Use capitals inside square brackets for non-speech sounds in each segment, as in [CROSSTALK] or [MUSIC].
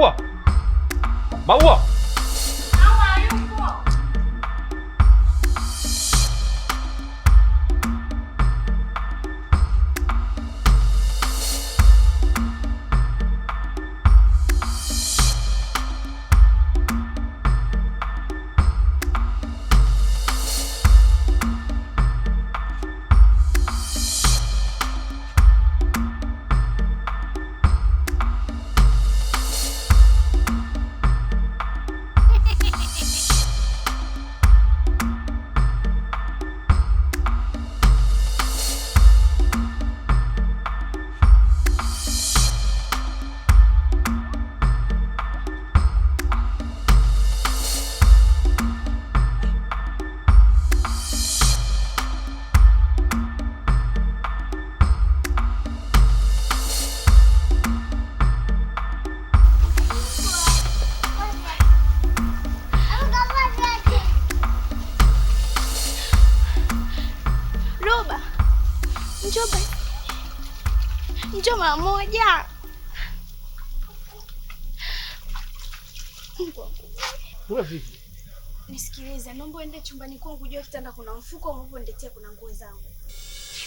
마우아 마우아 mara moja. Vipi? Nisikilize, naomba uende chumbani kwangu juu kitanda kuna mfuko umeuponiletea, kuna nguo zangu.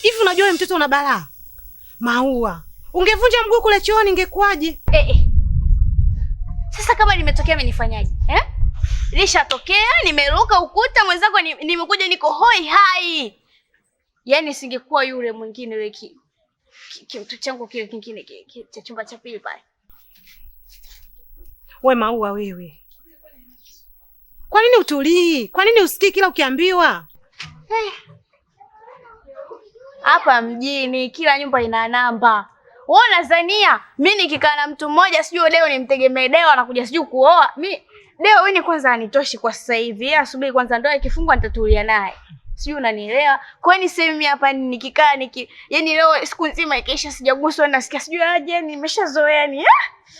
Hivi unajua wewe mtoto una balaa? Maua. Ungevunja mguu kule chooni ingekuwaje? Eh, eh. Sasa kama nimetokea amenifanyaje? Eh? Nishatokea, nimeruka ukuta mwenzako, nimekuja niko hoi hai. Yaani singekuwa yule mwingine yule ki kiutu changu kile kingine cha chumba cha pili pale. We Maua, wewe kwa nini utulii? Kwa nini usikii kila ukiambiwa eh. hapa Mjini kila nyumba ina namba. Wewe unazania mimi nikikaa na mtu mmoja sijui Deo nimtegemee Deo anakuja sijui kuoa mi Deo? Wewe ni kwanza anitoshi kwa sasa hivi, asubuhi kwanza ndoa ikifungwa nitatulia naye sijui unanielewa. Kwa hiyo ni hapa nikikaa niki, yani leo siku nzima ikiisha sijaguswa sikia, sijui aje, nimeshazoea yani ah!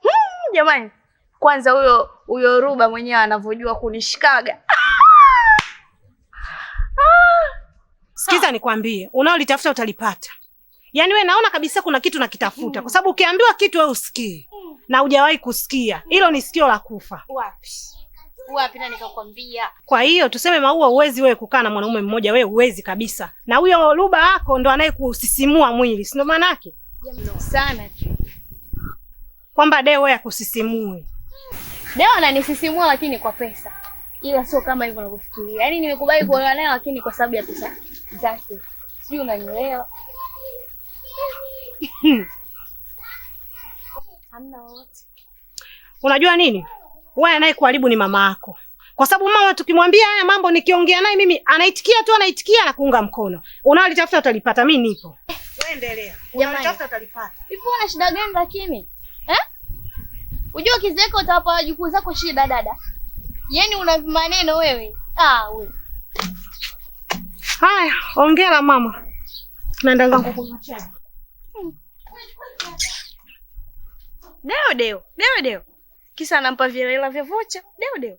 Hmm, jamani, kwanza huyo huyo Ruba mwenyewe anavyojua kunishikaga. Ah! Ah! Sikiza nikwambie, unaolitafuta utalipata. Yaani we naona kabisa kuna kitu nakitafuta, kwa sababu ukiambiwa kitu we usikii hmm. na hujawahi kusikia, hilo ni sikio la kufa. Wapi? wapi na nikakwambia. Kwa hiyo tuseme, Maua, huwezi wewe kukaa na mwanaume mmoja, wewe huwezi kabisa, na huyo Luba wako ndo anayekusisimua mwili, si ndo maana yake sana kwamba Deo wewe akusisimue. Deo ananisisimua lakini kwa pesa, ila sio kama hivyo unavyofikiria. Yaani nimekubali kuolewa naye lakini kwa sababu ya pesa zake, sijui unanielewa? [LAUGHS] Hamna wote. Unajua nini wewe anayekuharibu ni mama yako, kwa sababu mama tukimwambia haya mambo, nikiongea naye mimi anaitikia tu, anaitikia na kuunga mkono. Unaolitafuta utalipata, mimi nipo. Wewe endelea, unaolitafuta utalipata. Hivi una shida gani lakini eh? Unajua kizeko utawapa wajukuu zako shida dada. Yaani una maneno wewe. Ah wewe. Haya, ongea mama. Naenda zangu kunywa chai. Deo deo, deo deo. Kisa anampa vielela vya vocha deo deo.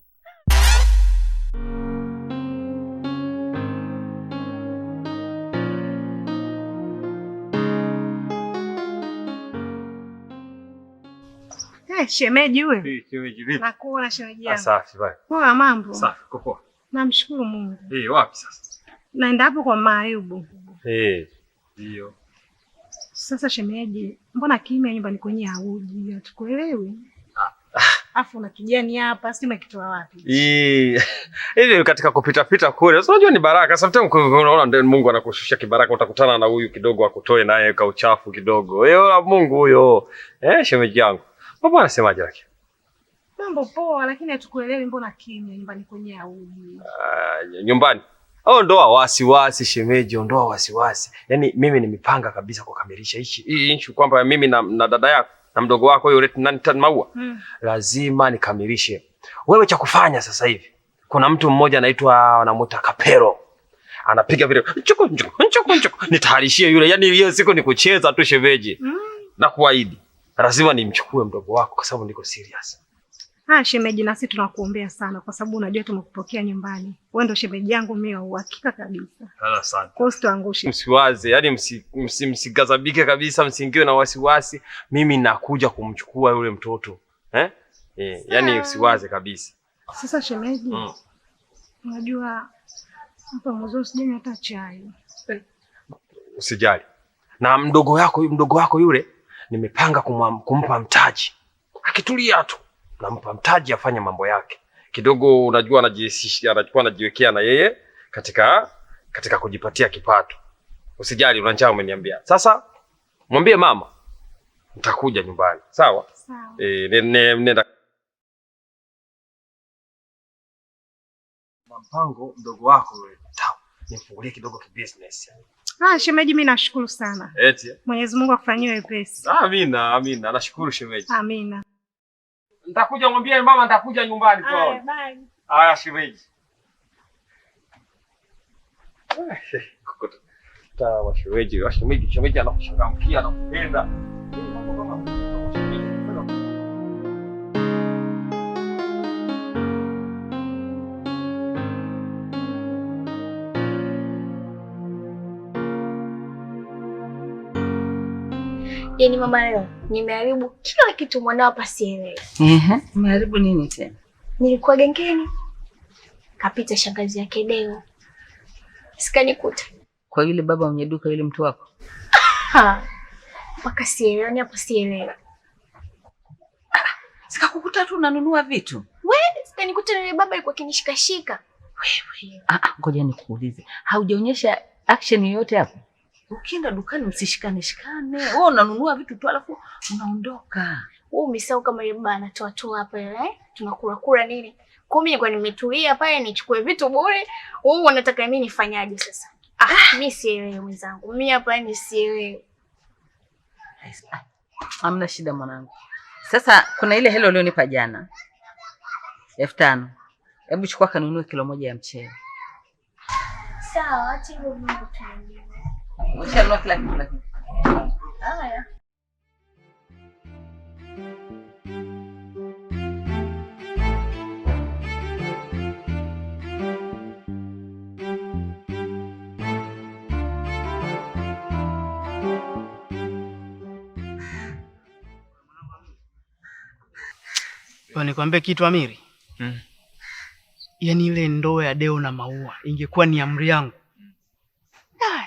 Eh, shemeji uwe Shemeji Nakuona shemeji ah, yangu. Safi bwana. Poa mambo. Safi poa. Namshukuru Mungu. Eh, hey, wapi sasa? Naenda hapo kwa Maayubu. hey, Sasa shemeji, mbona kimya nyumbani kwenye auji Hatukuelewi afu na kijani hapa, sijui nakitoa wapi [LAUGHS] hili. Katika kupita pita kule, unajua ni baraka. Sometimes unaona ndio Mungu anakushusha kibaraka, utakutana na huyu kidogo akutoe naye ka uchafu kidogo. Eyo Mungu huyo. Eh, shemeji yangu baba anasemaje? yake? mambo poa, lakini hatukuelewi, mbona kimya nyumbani kwenye auji? Uh, ah, nyumbani Oh, ndoa wasiwasi, shemeji, ondoa wasiwasi. Yaani mimi nimepanga kabisa kukamilisha hii issue kwamba mimi na, na dada yako na mdogo wako yule tunanitan maua mm. lazima nikamilishe. Wewe cha kufanya sasa hivi, kuna mtu mmoja anaitwa anamuita Kapero, anapiga vile nchuku nchuku nchuku nchuku, nitaharishie yule. Yani hiyo siku ni kucheza tu sheveji mm. na kuahidi, lazima nimchukue mdogo wako kwa sababu niko serious. Ah, shemeji, nasi tunakuombea sana kwa sababu unajua tumekupokea nyumbani. Wewe ndio shemeji yangu mimi wa uhakika kabisa. Kwa hiyo angushi. Msiwaze, yani msigazabike msi, msi kabisa, msiingiwe na wasiwasi. Mimi nakuja kumchukua yule mtoto eh? Eh, yani usiwaze kabisa. Sasa shemeji, mm. Unajua hapa mzozo usijani hata chai. Eh, usijali. Na mdogo wako, mdogo wako yule nimepanga kumpa mtaji. Akitulia tu nampa mtaji afanye mambo yake kidogo, unajua anajihusisha, anachukua, anajiwekea na yeye katika katika kujipatia kipato. Usijali, una umeniambia. Sasa mwambie mama nitakuja nyumbani, sawa? Sawa. E, nenda mpango mdogo wako nifungulie kidogo kibusiness. Ah, shemeji, mimi nashukuru sana. Eti. Mwenyezi Mungu akufanyie wepesi. Amina, amina. Nashukuru shemeji. Amina. Nitakuja mwambie mama, nitakuja nyumbani kwao. Haya, shemeji. Shemeji anachangamkia, anakupenda. Yaani mama leo nimeharibu kila kitu mwanao hapa sielewi. Ehe, umeharibu nini tena? Nilikuwa gengeni. Kapita shangazi yake Deo. Sikanikuta. Kwa yule baba mwenye duka yule mtu wako? Ah. Mpaka sielewi yaani hapo sielewi. Sikakukuta tu unanunua vitu. Wewe sikanikuta yule baba alikuwa kinishikashika. Ah, ah, ngoja nikuulize. Haujaonyesha action yoyote hapo? Ukienda dukani usishikane shikane. Wewe unanunua vitu tu alafu unaondoka. Wewe umesahau kama yule baba anatoa tu hapa eh? Tunakula kula nini? Kwa mimi kwa nimetulia pale nichukue vitu bure. Wewe unataka mimi nifanyaje sasa? Ah, ah, mimi sielewi mwenzangu. Mimi hapa ni sielewi. Ah, hamna shida mwanangu. Sasa kuna ile hela ulionipa jana. Elfu tano. Hebu chukua kanunue kilo moja ya mchele. Sawa, acha hivyo. Ushanunua kila kitu Nikwambie kitu Amiri, mm. Yaani ile ndoa ya Deo na Maua ingekuwa ni amri yangu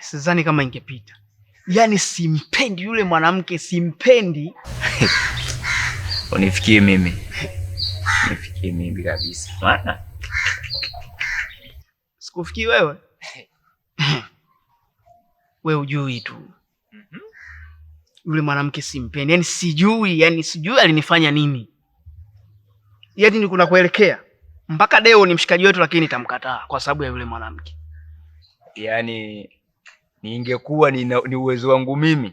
Sidhani kama ingepita. Yaani simpendi yule mwanamke, simpendi. [LAUGHS] Unifikie mimi, unifikie mimi kabisa. Maana sikufikii wewe, [LAUGHS] we ujui tu mhm. yule mwanamke simpendi, yani sijui, yani sijui alinifanya nini, yani ni kuna kuelekea mpaka deo ni mshikaji wetu, lakini nitamkataa kwa sababu ya yule mwanamke yani ningekuwa ni, ni uwezo wangu mimi,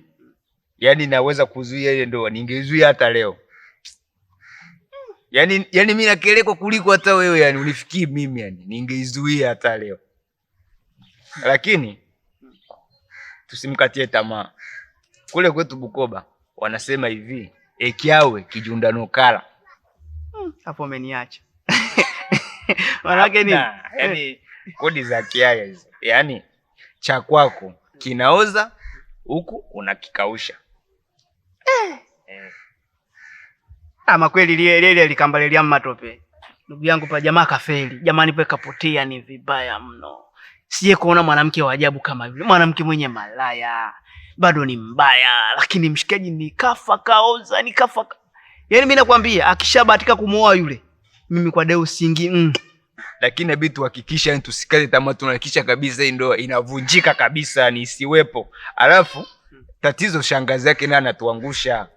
yani naweza kuzuia ile ndoa, ningezuia hata leo. yani yani mimi nakelekwa kuliko hata wewe, yani unifikii mimi, yani ningeizuia hata leo, lakini tusimkatie tamaa. Kule kwetu Bukoba wanasema hivi ekyawe kijundanokala. Hmm, hapo umeniacha [LAUGHS] manake ni yani kodi za kiaya hizo yani cha kwako kinaoza huku unakikausha. Eh. Eh. Ama kweli lile lile likambalia matope. Ndugu yangu pa jamaa kafeli. Jamani pe kapotea ni vibaya mno. Sije kuona mwanamke wa ajabu kama yule. Mwanamke mwenye malaya. Bado ni mbaya, lakini mshikaji ni kafa kaoza, ni kafa. Yaani mimi nakwambia akishabatika kumuoa yule, mimi kwa deu singi mm lakini inabidi tuhakikishe yani tusikate tamaa, tunahakikisha kabisa hii ndoa inavunjika kabisa, ni isiwepo. Alafu tatizo shangazi yake naye anatuangusha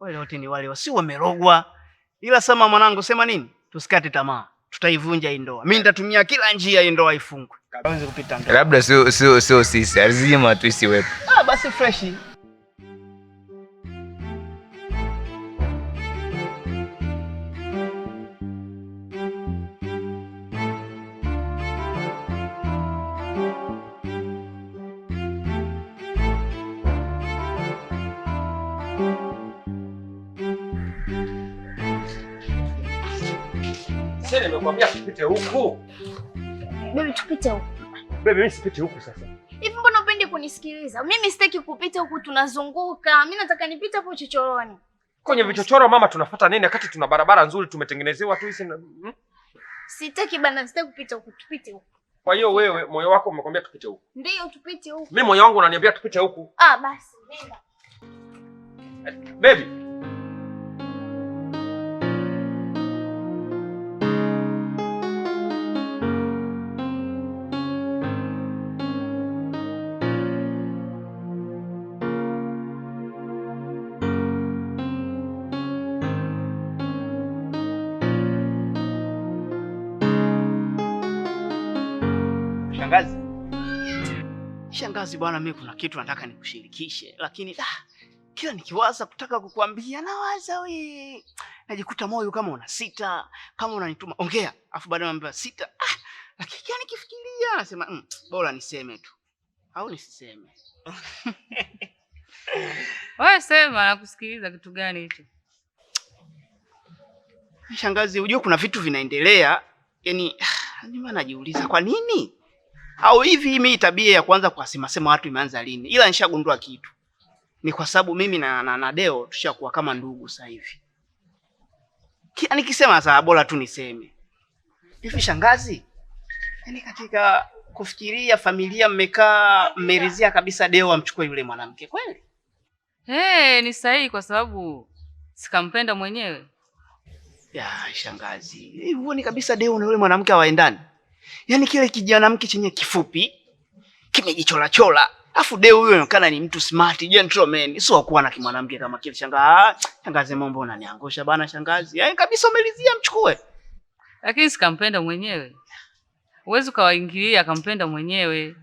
wale wote, ni wale wasi wamerogwa. Ila sema mwanangu, sema nini, tusikate tamaa, tutaivunja hii ndoa. Mimi nitatumia kila njia hii ndoa ifungwe, labda sio sio sio sisi, lazima tu isiwepo. Ah, basi freshi Nakwambia sipite huku. Baby tupite huku. Baby mimi sipite huku sasa. Hivi mbona upendi kunisikiliza? Mimi sitaki kupita huku, tunazunguka. Mimi nataka nipite hapo chochoroni. Kwenye vichochoro mama, tunafuata nini wakati tuna barabara nzuri tumetengenezewa tu hizi? Hmm? Sitaki bana, sitaki kupita huku, tupite huku. Kwa hiyo wewe moyo wako umekwambia tupite huku. Ndio tupite huku. Mimi moyo wangu unaniambia tupite huku. Ah, basi nenda. Eh, baby shangazi, bwana, mimi kuna kitu nataka nikushirikishe, lakini da, kila nikiwaza kutaka kukuambia nawaza we, najikuta moyo kama una sita, kama unanituma ongea, afu baadaye anambia sita. Ah, lakini kia nikifikiria nasema mm, bora niseme tu au nisiseme. [LAUGHS] Wewe sema, nakusikiliza. Kitu gani hicho? Shangazi, unajua kuna vitu vinaendelea, yani ah, ndio najiuliza kwa nini au hivi mimi tabia ya kuanza kuwasema sema watu imeanza lini? Ila nishagundua kitu. Ni kwa sababu mimi na, na, na Deo tushakuwa kama ndugu sasa hivi. Yaani nikisema sasa bora tu niseme. Hivi shangazi? Yaani katika kufikiria familia mmekaa mmerizia kabisa Deo amchukue yule mwanamke kweli? Eh, hey, ni sahihi kwa sababu sikampenda mwenyewe. Ya shangazi. Hivi huoni kabisa Deo na yule mwanamke hawaendani. Yaani kile kijanamke chenye kifupi kimejichola chola. afu deo huyo anaonekana ni mtu smart gentleman, sio akuwa na kimwanamke kama kile. changa. Ah, shangazi, mambo unaniangusha bana shangazi. Yaani kabisa umelizia mchukue, lakini sikampenda mwenyewe. Huwezi kawaingilia akampenda mwenyewe.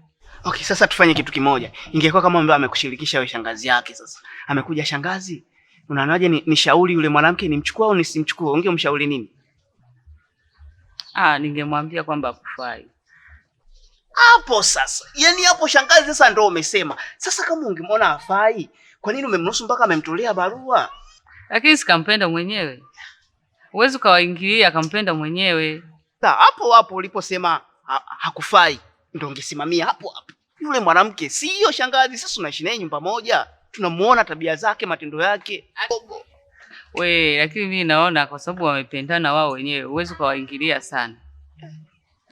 Okay, sasa tufanye kitu kimoja. Ingekuwa kama mbona amekushirikisha wewe shangazi yake sasa. Amekuja shangazi. Unaonaje ni, ni shauri yule mwanamke nimchukue au nisimchukua? Ungemshauri nini? Ah, ningemwambia kwamba kufai hapo sasa. Yaani hapo shangazi sasa ndio umesema. Sasa kama ungemwona hafai, kwa nini umemnusu mpaka amemtolea barua? Lakini sikampenda mwenyewe. Huwezi ukawaingilia akampenda mwenyewe. Sasa hapo hapo uliposema ha hakufai ndio ungesimamia hapo hapo. Yule mwanamke siyo shangazi, sasa tunaishi naye nyumba moja. Tunamuona tabia zake, matendo yake. Bogo. We, lakini mimi naona kwa sababu wamependana wao wenyewe, huwezi ukawaingilia sana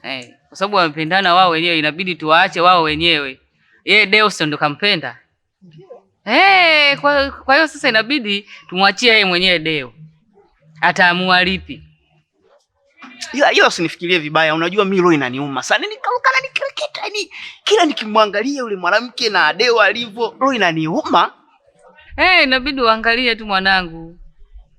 eh, kwa sababu wamependana wao wenyewe, inabidi tuwaache wao wenyewe. ye Deus ndo kampenda eh, kwa kwa hiyo sasa inabidi tumwachie yeye mwenyewe Deo ataamua lipi. Hiyo usinifikirie vibaya, unajua mimi roho inaniuma sana, nikaukana yaani, nikirikita, yani kila nikimwangalia yule mwanamke na Deo alivyo, roho inaniuma eh, inabidi uangalie tu mwanangu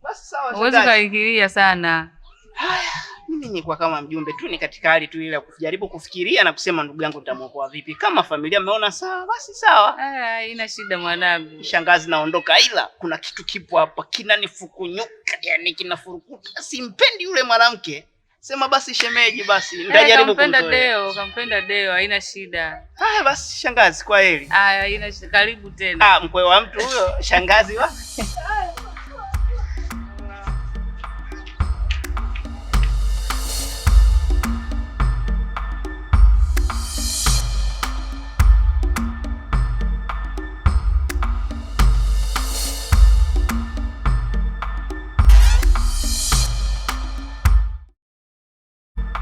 basi sawa, huwezi ukaingilia sana. Haya, mimi nilikuwa kama mjumbe tu, ni katika hali tu ile ya kujaribu kufikiria na kusema ndugu yangu nitamwokoa vipi. Kama familia mmeona sawa, basi sawa. Eh, ina shida mwanangu. Shangazi, naondoka, ila kuna kitu kipo hapa kinanifukunyuka, yani kinafurukuta. Simpendi yule mwanamke. Sema basi shemeji, basi eh, nitajaribu kumpenda Deo. Kampenda Deo, haina shida. Haya basi shangazi, kwa heri. Haya, haina shida. Karibu tena. Ah, mkwe wa mtu huyo shangazi wa [LAUGHS]